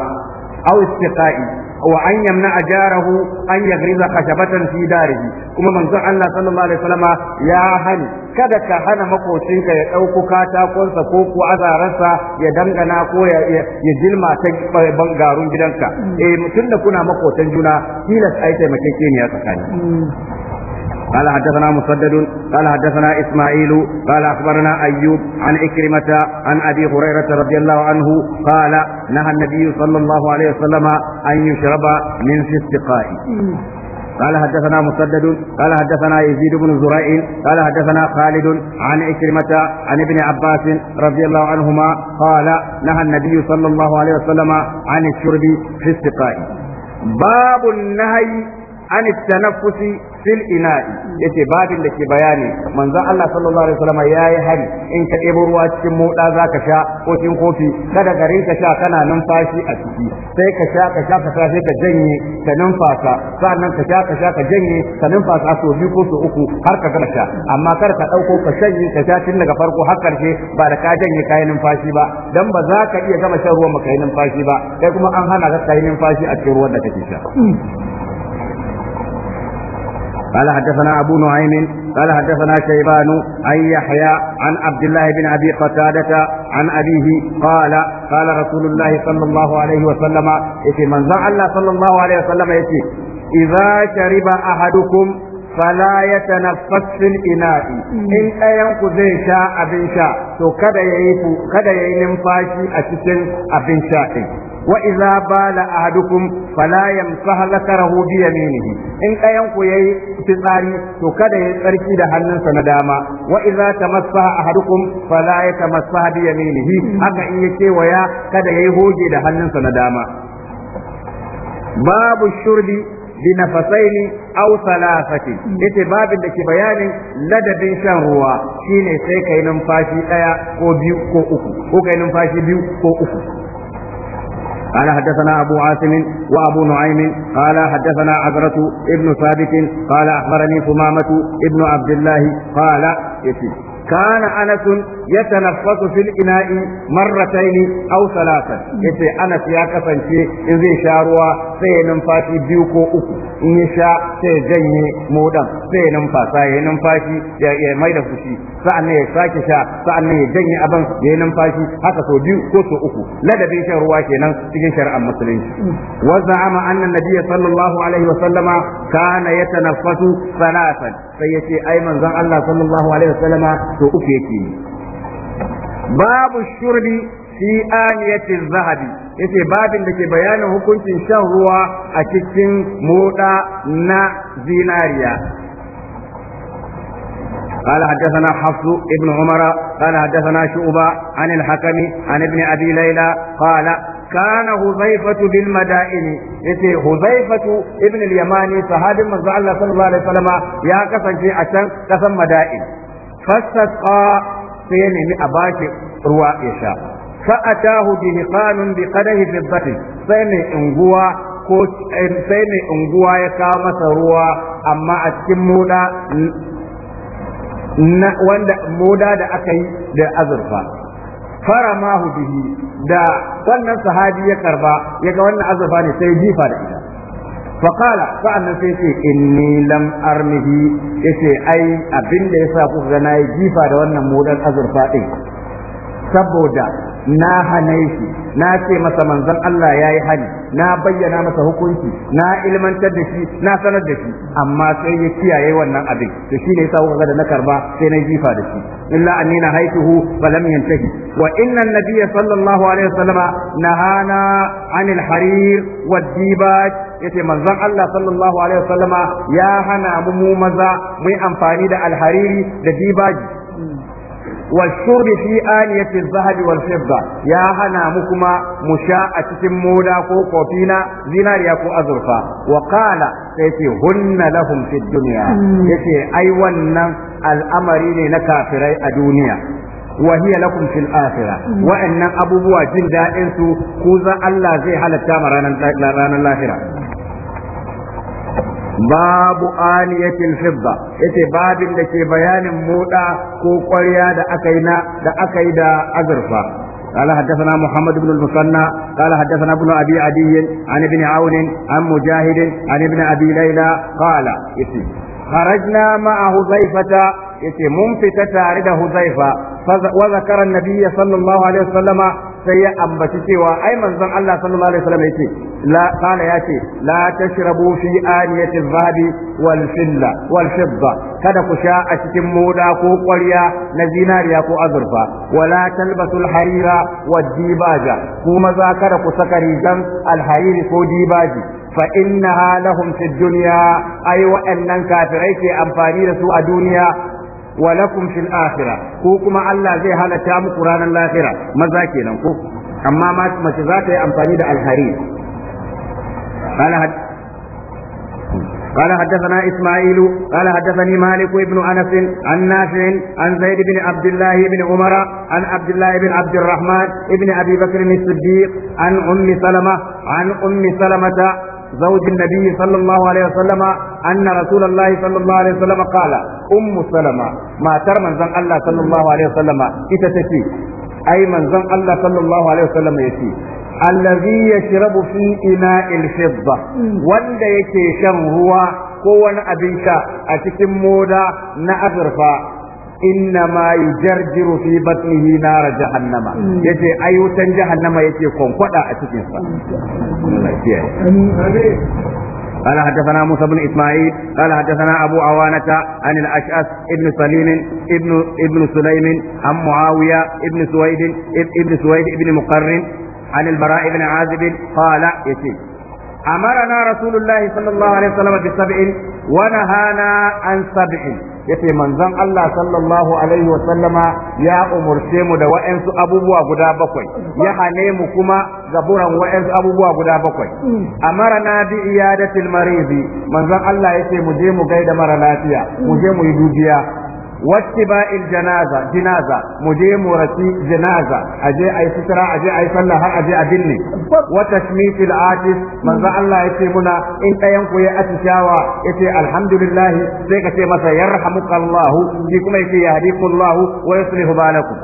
au ka'i. wa an yamna ajarahu an yagriza khashabatan fi darihi kuma manzon Allah sallallahu alaihi wasallama ya hani kada ka hana makocinka ya ɗauko katakonsa ko ko azararsa ya dangana ko ya jilma ta bangarun gidanka mm. eh mutum da kuna makocin juna tilas ai taimakekeniya tsakani mm. قال حدثنا مسدد قال حدثنا إسماعيل قال أخبرنا أيوب عن إكرمة عن أبي هريرة رضي الله عنه قال نهى النبي صلى الله عليه وسلم أن يشرب من في السقاء قال حدثنا مسدد قال حدثنا يزيد بن زريع قال حدثنا خالد عن إكرمة عن ابن عباس رضي الله عنهما قال نهى النبي صلى الله عليه وسلم عن الشرب في السقاء باب النهي an tanaffusi fil ina'i yace babin da ke bayani manzon Allah sallallahu alaihi wasallam yayi hari in ka ɗebo ruwa cikin moda zaka sha ko cikin kofi kada ka sha kana numfashi a ciki sai ka sha ka sha ka sha sai ka janye ka numfasa sannan ka sha ka sha ka janye ka numfasa so biyu ko so uku har ka gama sha amma kar ka dauko ka shanye ka sha tun daga farko har karshe ba da ka janye kai numfashi ba dan ba za ka iya gama shan ruwan ba yi numfashi ba kai kuma an hana ka kai numfashi a cikin ruwan da kake sha قال حدثنا أبو نعيم قال حدثنا شيبان عن يحيى عن عبد الله بن أبي قتادة عن أبيه قال قال رسول الله صلى الله عليه وسلم إتي من الله صلى الله عليه وسلم إتي إذا شرب أحدكم فلا يتنفس في الإناء إن أينكو زي شاء أبن شاء تو كدا يعيفو كدا يعين فاشي أتسن أبن شاء Wa'iza Bala Ahaduƙun Fala yanzu halakaraho biyan in yi. In ɗayanku ya tsari to kada ya yi tsarki da hannunsa na dama. Wa'iza ta masfaha Ahaduƙun Fala ya ta masfaha Haka in yi cewa ya, kada ya yi hoge da hannunsa na dama. Babu shurdi, linafasaini, au salasati. Itaibabin da ke bayanin, ladabin shan ruwa shine sai kai fashi ɗaya ko biyu ko uku, ko kainin fashi biyu ko uku. قال حدثنا أبو عاصم وأبو نعيم قال حدثنا عبرة ابن ثابت قال أخبرني ثمامة ابن عبد الله قال يتي كان انس يتنفس في الاناء مرتين او ثلاثا yace anas ya kasance in zai sha ruwa sai ya numfashi biyu ko uku in ya sha sai ya janye modan sai ya numfasa ya numfashi ya mai da fushi sa'annan ya sake sha sa'annan ya janye abin ya numfashi haka so biyu ko so uku ladabin shan ruwa kenan cikin shari'ar musulunci wa za'ama anna nabiyya sallallahu alaihi wa sallama kana yatanaffasu salatan sai yace ai manzon Allah sallallahu alaihi wa sallama to uku yake babu shurbi fi aniyati zahabi yace babin da ke bayanin hukuncin shan ruwa a cikin moda na zinariya قال حدثنا حفص ابن عمر قال حدثنا شعبة عن الحكم عن ابن أبي ليلى قال كان حذيفة بالمدائن يتي حذيفة ابن اليماني صحابي من الله صلى الله عليه وسلم يا كسن في عشان كسن مدائن فاستقى سيني أباك رواء يشاء fa'atahu bi liqanun bi qadahi fiddatin sai ko sai mai unguwa ya kawo masa ruwa amma a cikin moda wanda moda da aka yi da azurfa faramahu bihi da wannan sahabi ya karba yaga wannan azurfa ne sai jifa da ita sai ce فقال فأنا yace ai لم أرمه yasa ku ga nayi jifa da wannan modan azurfa din saboda na hane shi na ce masa manzon Allah ya yi hani na bayyana masa hukunci na ilmantar da shi na sanar da shi amma sai ya kiyaye wannan abin to shine yasa kuka da na karba sai na jifa da shi illa anni na haituhu fa lam yantahi wa inna an-nabiyya sallallahu alaihi wasallama nahana anil harir wad dibaj yace manzon Allah sallallahu alaihi wasallama ya hana mu maza mu yi amfani da alhariri da dibaji والشرب في آنية الذهب والفضة يا هنا مكما مشاء مولا كو كوفينا زينار يكو أزرفا وقال يتي هن لهم في الدنيا يتي أي ونن الأمرين لكافري الدنيا وهي لكم في الآخرة وأن أبو بوا جلدا إنسو كوزا الله زي حالة تامرانا الآخرة babu aniyatil fidda yace babin da ke bayanin moda ko ƙwarya da aka yi na da aka yi da azurfa قال حدثنا محمد بن المثنى قال حدثنا ابن ابي عدي عن ابن عون عن مجاهد عن ابن ابي ليلى قال اسم kharajna ma'a huzaifata yace mun fita tare da huzaifa wa zakara nabiyya sallallahu sai ya ambaci cewa ai manzon Allah sallallahu alaihi wasallam yace la kana la tashrabu fi aniyati dhahabi wal kada ku sha a cikin moda ko ƙwarya na zinariya ko azurfa wala talbasul harira wad dibaja kuma za kada ku saka rigan al ko dibaji fa innaha lahum fid dunya ai wa'annan kafirai ke amfani da su a duniya wa lakum fil ko kuma Allah zai halatta muku ranar lahira maza kenan ko amma mace za ta yi amfani da alhari قال حدثنا إسماعيل قال حدثني مالك بن أنس عن نافع عن زيد بن عبد الله بن عمر عن عبد الله بن عبد الرحمن بن أبي بكر الصديق عن أم سلمة عن أم سلمة زوج النبي صلى الله عليه وسلم أن رسول الله صلى الله عليه وسلم قال أم سلمة ما ترمن زن الله صلى الله عليه وسلم إتتتي أي من زن الله صلى الله عليه وسلم يتي الذي يشرب في إناء الفضة وند يكي شن هو ko wani abin sha a cikin moda na azurfa إنما يجرجر في بطنه نار جهنم يجي أي وتن جهنم يجي كون قد أتكين قال حدثنا موسى بن اسماعيل قال حدثنا ابو عوانة عن الاشعث ابن سليم ابن ابن سليم عن معاوية ابن سويد ابن سويد ابن مقرن عن البراء بن عازب قال يتيم امرنا رسول الله صلى الله عليه وسلم بسبع ونهانا عن سبع yace manzon Allah sallallahu alaihi wa sallama ya umurce mu da wa'ansu abubuwa guda bakwai ya hane mu kuma gaburan wa'ansu abubuwa guda bakwai amarana bi iyadatil maridi manzon Allah yace mu je mu gaida mara lafiya mu je mu yi dubiya wattiba'il janaza jinaza mu je mu rasi jinaza aje ayi sutura aje ayi sallah har aje a binne wa tashmitil atis manzo Allah yace muna in ɗayan ku ya atishawa yace alhamdulillah sai ka ce masa yarhamukallahu shi kuma yace yahdikullahu wa yuslihu balakum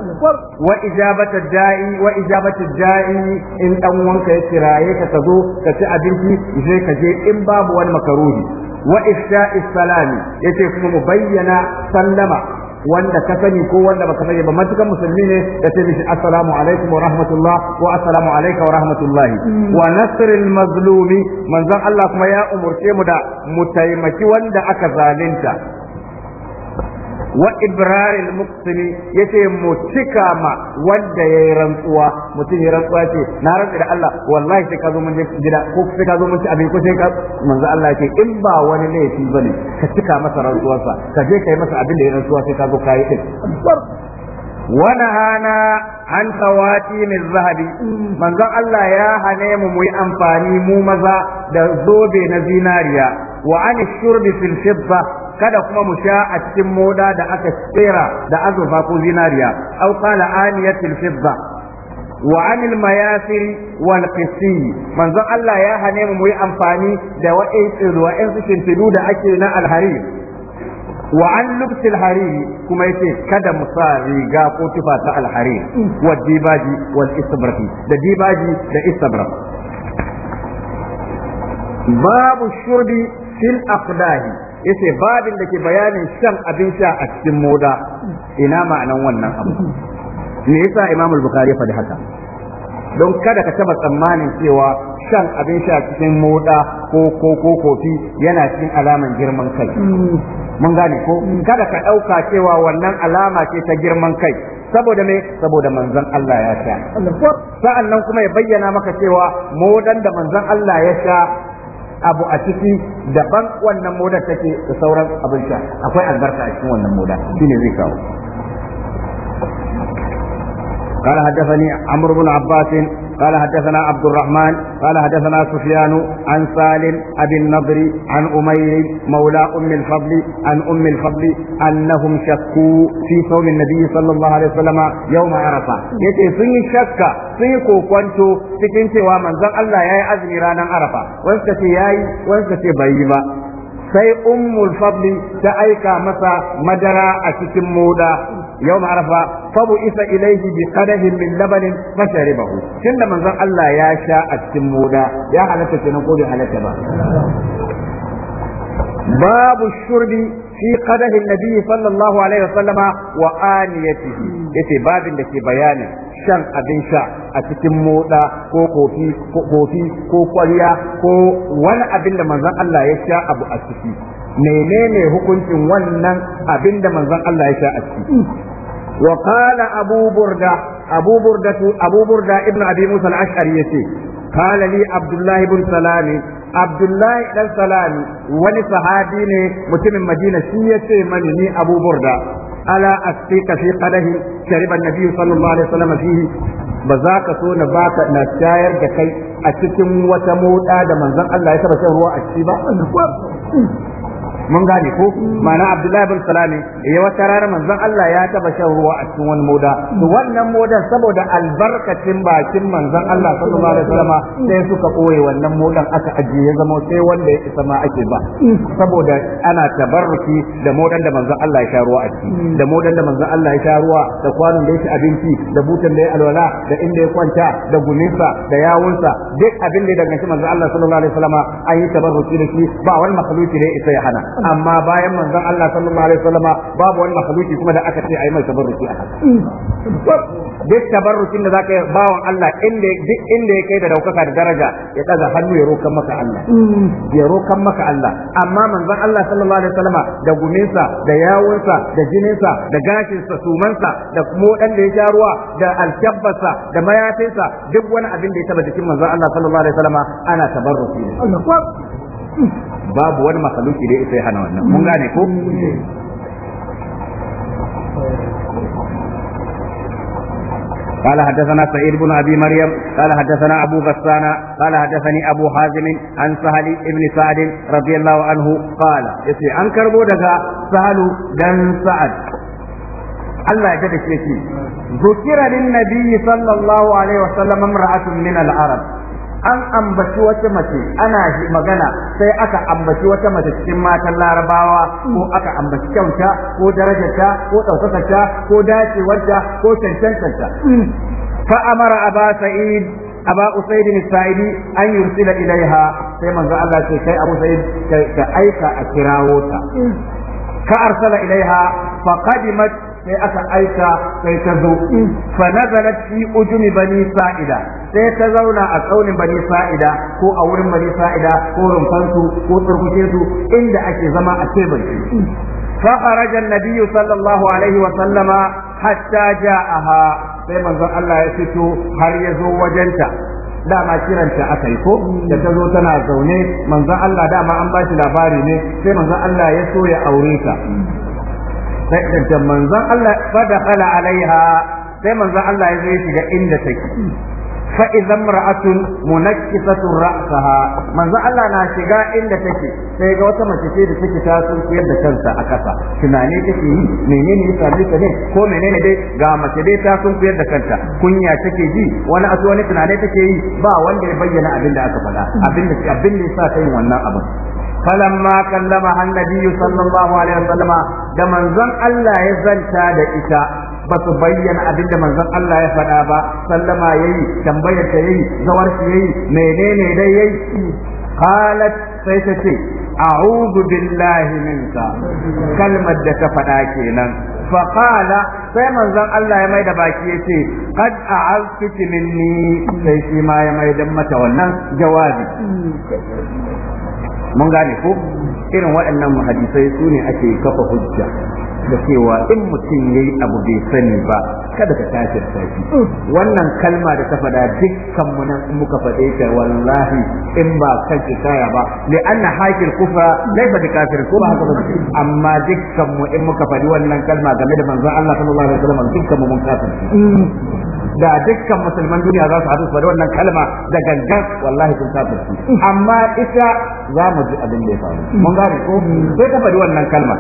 wa ijabata da'i wa ijabata da'i in dan wanka ya kiraye ka ka zo ka ci abinci sai ka je in babu wani makaruhi wa ifsha'i salami yace kuma mu bayyana sallama wanda ka sani ko wanda baka sani ba matukan musulmi ne da ce mishi assalamu alaikum wa rahmatullah wa assalamu wa rahmatullahi mm. wa nasril mazlumi manzon Allah kuma ya umurce mu da mu taimaki wanda aka zalunta wa ibraril muqsimi yace mu cika ma wanda yayi rantsuwa mutum ya rantsuwa ce na rantsu da Allah wallahi sai ka zo mun gida ko sai ka zo mun ci abin ko sai ka manzo Allah yake in ba wani laifi bane ka cika masa rantsuwarsa ka je kai masa abin da ya rantsuwa sai ka zo kai din min zahabi, خواتيم الذهب من ذا mu يا amfani mu maza da zobe na zinariya wa an shurbi fil fidda kada kuma mu sha a cikin moda da aka tsera da azurfa ko zinariya aw qala aniyatil fidda wa anil mayasir wal qisi manzon Allah ya hane mu yi amfani da wa'in ruwa'in su da ake na alharir wa an lubsil kuma yace kada mu sa riga ko tufa ta alhariri wa dibaji wal da dibaji da babu shurbi fil aqdahi yace babin da ke bayanin shan abin sha a cikin moda ina ma'anan wannan abu me yasa Imamul Bukhari ya faɗi haka don kada ka taba tsammanin cewa shan abin sha cikin moda ko ko ko kofi yana cikin alaman girman kai mun gane ko kada ka ɗauka cewa wannan alama ce ta girman kai saboda me saboda manzon Allah ya sha sa'an kuma ya bayyana maka cewa modan da manzon Allah ya sha abu a ciki daban wannan moda take da sauran abin sha akwai albarka a cikin wannan moda shine zai kawo قال حدثني عمرو بن عباس قال حدثنا عبد الرحمن قال حدثنا سفيان عن سالم أبي النضر عن أمير مولى أم الفضل عن أم الفضل أنهم شكوا في صوم النبي صلى الله عليه وسلم يوم عرفة يتي سني شكا سني كوكوانتو cikin cewa manzon Allah ya yi azumi ranar Arafa wanda ce yayi wanda ce bai yi ba sai ummul fadli ta aika masa madara a cikin moda يوم عرفة فبئس إليه بقدح من لبن فشربه كن من ذا الله يا شاء التمودا يا حلقة نقول حلقة باب الشرب في قدح النبي صلى الله عليه وسلم وآنيته يتي باب لكي بيانه shan abin sha a cikin moda ko kofi ko kofi ko kwariya ko wani abin da manzon Allah ya sha abu a ciki menene hukuncin wannan abin da manzon Allah ya sha a ciki wa qala abu burda abu burda abu burda ibnu abi musa al-ash'ari yace qala li abdullah ibn salam abdullah dan salam wani sahabi ne mutumin madina shi yace mani ni abu burda ala asfika fi qadahi shariba annabi sallallahu alaihi wasallam fihi ba za ka so na baka na tayar da kai a cikin wata moda da manzon Allah ya taba shan ruwa a ciki ba mun gane ko ma'ana abdullahi bin salami ya eh, wata rana manzon Allah ya taba shan ruwa a cikin wani moda to wannan modan saboda albarkacin bakin manzon Allah sallallahu alaihi wasallam sai suka koye wannan modan aka ajiye ya zama sai wanda ya isa ma ake ba saboda ana tabarruki da modan da manzon Allah ya sha ruwa a ciki da modan da manzon Allah ya sha ruwa da kwanon da ya ci abinci da butan da ya alwala da inda ya kwanta da guminsa da yawunsa duk abin da ya danganci manzon Allah sallallahu alaihi wasallam an yi tabarruki da shi ba wani makhluki da ya isa ya hana amma bayan manzon Allah sallallahu alaihi wasallama babu wani makhluki kuma da aka ce ayi mai tabarruki a haka duk tabarrukin da zaka yi bawan Allah inda duk inda ya kai da daukaka da daraja ya daga hannu ya rokan maka Allah mm. ya rokan maka Allah amma manzon Allah sallallahu alaihi wasallama da guminsa da yawunsa da jininsa da gashinsa sumansa da kuma wadanda ya sha ruwa da alkabbarsa da mayafinsa duk wani abin da ya taba jikin manzon Allah sallallahu alaihi wasallama ana tabarruki babu wani makaluki da ita ya hana wannan mun gane ko قال حدثنا سعيد بن ابي مريم قال حدثنا ابو غسان قال حدثني ابو حازم عن سهل بن سعد رضي الله عنه قال يسي عن كربو دغا سهل بن سعد الله يجد شيء ذكر للنبي صلى الله عليه وسلم امراه من العرب an ambaci wata mace ana magana sai aka ambaci wata mace cikin matan larabawa ko aka ambaci kyauta ko darajarta ko ɗaukakarta ko dacewarta ko cancantarta. fa amara aba sa'id aba usaid bin sa'idi an yursila ilaiha sai manzo Allah ce kai abu sa'id ka aika a kirawo ta ka arsala ilaiha qadimat sai aka aika sai ta zo fa nazalat fi ujumi bani sa'ida sai ta zauna a tsaunin bani sa'ida ko a wurin bani sa'ida ko rumfansu ko turkuce su inda ake zama a tebur fa kharaja an-nabiy sallallahu alaihi wa sallama hatta ja'aha sai manzon Allah ya fito har ya zo wajenta dama kiranta aka yi ko da ta zo tana zaune manzon Allah dama an ba shi labari ne sai manzon Allah ya so ya aure ta sai da manzon Allah fadakhala alaiha sai manzon Allah ya zai shiga inda take fa idan mar'atun munakkisatun ra'saha manzo Allah na shiga inda take sai ga wata mace ce da take ta sunkuyar da kanta a kasa tunane take yi menene ya sami ne ko menene dai ga mace dai ta sunkuyar da kanta kunya take ji wani asu wani tunane take yi ba wanda ya bayyana abin da aka faɗa abin da abin da ta yin wannan abin falamma kallama annabi sallallahu alaihi wasallam da manzon Allah ya zanta da ita ba su bayyana abin da manzon Allah ya faɗa ba sallama yayi tambayar ta yayi zawar ta yayi menene dai yayi qalat sai ta ce a'udhu billahi minka kalmar da ta faɗa kenan fa qala sai manzon Allah ya mai da baki yace qad a'aztuki minni sai shi ma ya mai da mata wannan jawabi mun gane ko irin waɗannan hadisai su ne ake kafa hujja da cewa in mutum yayi abu bai sani ba kada ka kafir shi wannan kalma da ka faɗa dukkan mu nan in muka faɗe ta wallahi in ba kan kaya ba li anna hakil kufra laysa bi kafir ko ba haka ba amma dukkan mu in muka faɗi wannan kalma game da manzon Allah sallallahu alaihi wasallam dukkan mu mun kafir da dukkan musulman duniya za su haɗu su wannan kalma da gangan wallahi sun kafir amma ita za mu ji abin da ya faru mun gane ko sai ta faɗi wannan kalma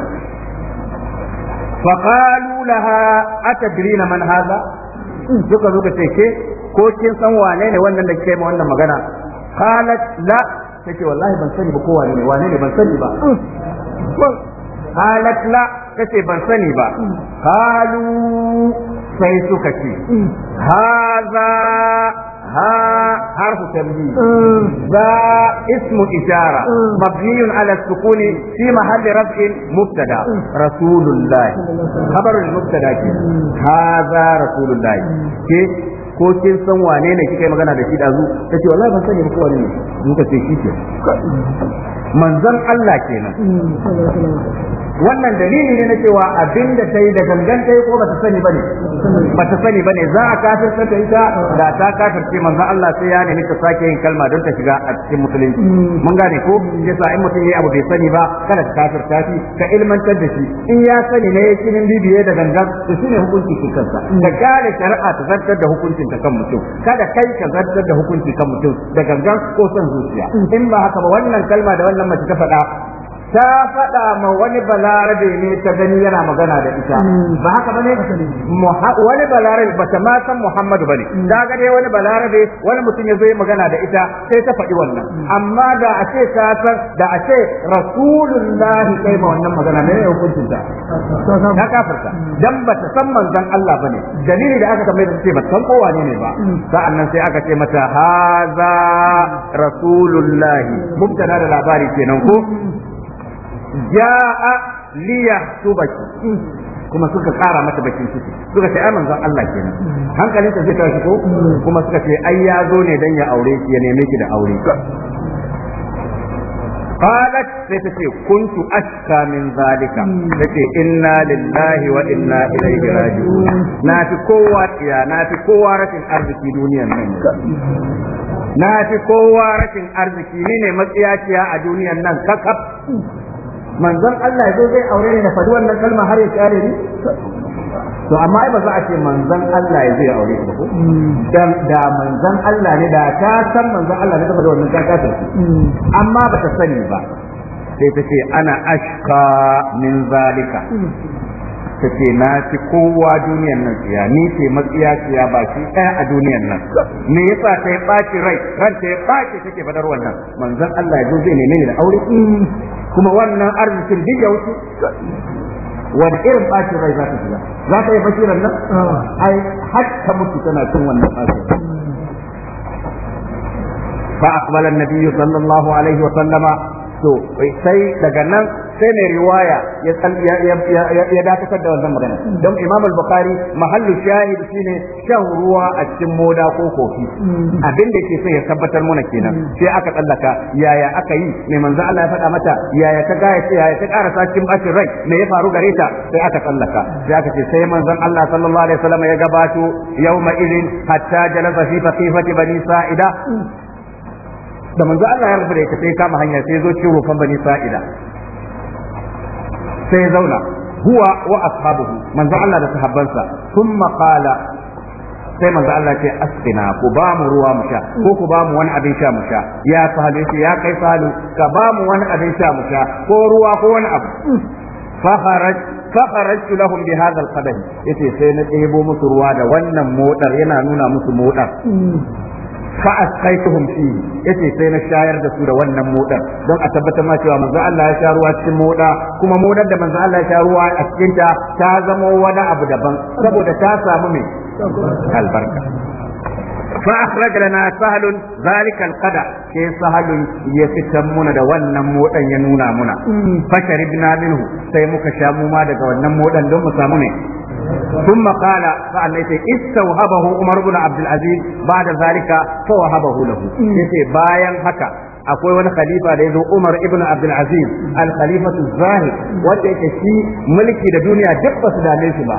faqalu laha atadrina man haza. suka zo ka ce ke ko kin san wane ne wannan da ke ma wannan magana qalat la take wallahi ban sani ba ko wane ne wane ne ban sani ba qalat la take ban sani ba qalu sai suka ce haza ha harfu tambi mm. za ismu ishara mm. mabniyun ala sukuni fi mahalli raf'in mubtada mm. rasulullahi khabarul mubtada ke haza rasulullahi ke ko kin san wane ne kika yi magana da shi dazu kace wallahi ban sani ba ko wane ne muka ce shi ke manzon Allah kenan wannan dalili ne na cewa abinda ta yi da gangan ta ko bata sani bane bata sani bane za a kafirta ta ita da ta ce manzon Allah sai ya nemi ta sake yin kalma don ta shiga a cikin musulunci mun gane ko yasa in mutum yayi abu bai sani ba kada ta ka ta shi ka ilmantar da shi in ya sani ne ya kinin bibiye da gangan to shine hukunci ke kansa da kare shari'a ta zartar da hukuncin ta kan mutum kada kai ka zartar da hukunci kan mutum da gangan ko son zuciya in ba haka ba wannan kalma da wannan sallama alaihi ta faɗa ta faɗa ma wani balarabe ne ta gani yana magana da ita hmm. ba haka ba ne wani balarabe ba ta ma san Muhammadu ba ne hmm. ta ga dai wani balarabe wani mutum ya zo ya magana da ita sai ta faɗi wannan hmm. amma da a ce ta san da a ce rasulullahi kai ma wannan magana ne ya hukuncin ta ta kafirta dan ba ta san manzan Allah ba ne dalili da aka tambaye ta ce ba san kowa ne ne ba nan sai aka ce mata haza rasulullahi mubtada da labari kenan ko ja'a liyahtubaki kuma suka kara mata bakin ciki suka ce ai manzon Allah kenan hankalinta zai tashi ko kuma suka ce ai ya zo ne dan ya aure ki ya neme ki da aure قالت ستتي كنت أشكى من ذلك تتي إنا لله وإنا إليه راجعون نافي قوة يا نافي قوة رتن Na دنيا من نافي قوة رتن ne نيني مزياتي يا دنيا nan ككب manzon Allah ya zo zai aure ni na faɗi wannan kalma har ya kare ni to amma ai ba za a ce manzon Allah ya zai aure ka ko dan da manzon Allah ne da ta san manzon Allah ne da faɗi wannan ta ta amma ba ta sani ba sai ta ce ana ashqa min zalika ta ce na ci kowa duniyan nan tsiya ni ce matsiya tsiya ba shi ɗaya a duniyan nan me yasa ta yi ɓaci rai ran ta yi ɓaci take fadar wannan manzon Allah ya zo zai neme ni da aure kuma wannan arzikin duk ya wuce wani irin ɓacin rai za ta shiga za ta yi fashirar nan ai har ta mutu tana cin wannan ɓacin فأقبل sallallahu alaihi wa sallama to sai daga nan sai mai riwaya ya dakatar da wannan magana don imam al-bukhari mahallu shahid shine shan ruwa a cikin moda ko kofi hmm. abin da ke sai ya tabbatar mana kenan hmm. sai aka tsallaka yaya aka yi mai manzo Allah ya faɗa mata yaya ta gaya yaya ta ƙara sa cikin bashin rai me ya faru gare ta sai aka tsallaka sai aka ce sai manzon Allah sallallahu alaihi wasallam ya gabato yawma idin hatta jalasa fi faqifati bani sa'ida hmm. da manzo Allah ya rubuta da sai kama hanya sai zo cikin rufan bani sa'ida sai zauna huwa wa ashabuhu manzo Allah da sahabbansa thumma qala sai manzo Allah ce asqina ku ba mu ruwa mu sha ko ku ba mu wani abin sha mu sha ya shi ya kai sahalu ka ba mu wani abin sha mu sha ko ruwa ko wani abu فخرج فخرجت لهم بهذا القدم yace sai na ɗebo musu ruwa da wannan motar yana nuna musu fa asqaituhum fi yace sai na shayar da su da wannan moda don a tabbatar ma cewa manzo Allah ya sha ruwa cikin moda kuma modar da manzo Allah ya sha ruwa a cikin ta ta zama wani abu daban saboda ta samu mai albarka fa akhraj lana sahl zalika alqada ke sahal ya fitan muna da wannan modan ya nuna muna mm. fa sharibna minhu sai muka sha muma ma daga wannan modan don mu samu ne ثم قال فأنيت استوهبه عمر بن عبد العزيز بعد ذلك فوهبه له يتي باين هكا akwai wani khalifa da yazo Umar ibn Abdul Aziz al-Khalifatu Zahid wanda yake shi mulki da duniya duk ba su dame shi ba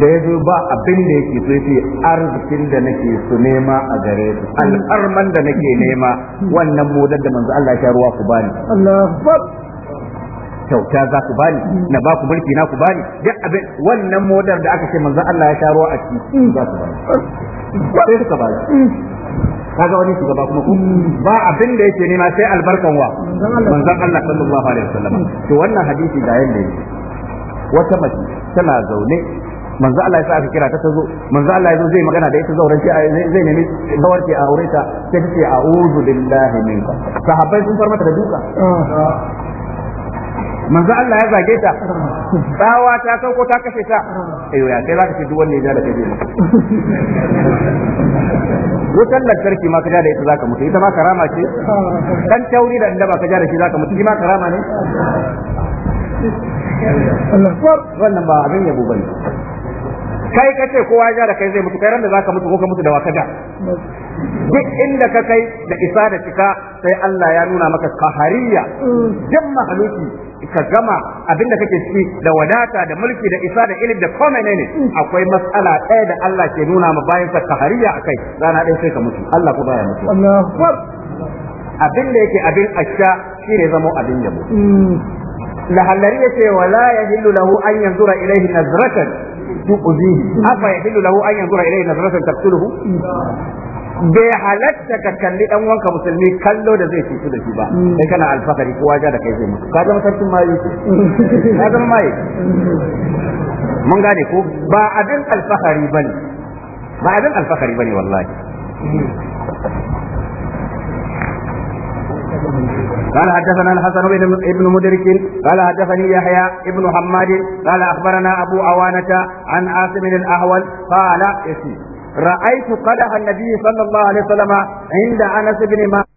da ya ba abin da yake so yace arzikin da nake su nema a gare su al'arman da nake nema wannan modar da manzo Allah ya ruwa ku bani Allahu kyauta za ku bani na ba ku mulki na ku bani duk abin wannan modar da aka ce manzon Allah ya sha ruwa a ciki za ku bani sai suka bani kaga wani shugaba kuma ku ba abin da yake nema sai albarkan wa manzon Allah sallallahu alaihi wasallam to wannan hadisi ga yanda yake wata mace tana zaune manzo Allah ya sa aka kira ta tazo manzo Allah ya zo zai magana da ita zauren ce zai nemi zawar a aure ta sai ta ce a'udhu billahi minka sahabbai sun far mata da duka manzo Allah ya zage ta tsawa ta sauko ta kashe ta ayo ya kai zaka ce duk wanda ya da kaje wutar lantarki ma ka ja da ita zaka mutu ita ma karama ce dan tauri da inda ba ka ja da shi zaka mutu shi ma karama ne wannan ba abin yabo bane kai ka ce kowa ya da kai zai mutu kai ran da zaka mutu ko ka mutu da da. duk inda ka kai da isa da cika sai Allah ya nuna maka kahariya jin mahaluki ka gama abinda kake ciki da wadata da mulki da isa da ilim da komai ne ne, akwai matsala ɗaya da Allah ke nuna ma bayan sa kahariya akai rana ɗaya sai ka mutu Allah ko baya mutu abin da yake abin asha shine zama abin yabo mm. lahallari yace wala yahillu lahu an yanzura ilayhi nazratan yuqzihi afa yadillu lahu an yanzura ilayhi nazratan bai halatta ka kalli dan wanka kallo da zai cutu da shi ba sai kana alfahari kowa ja ba abin alfahari ba abin alfahari wallahi قال حدثنا الحسن بن ابن مدرك قال حدثني يحيى ابن حماد قال اخبرنا ابو عوانه عن عاصم الاهول قال رأيت قدح النبي صلى الله عليه وسلم عند انس بن مالك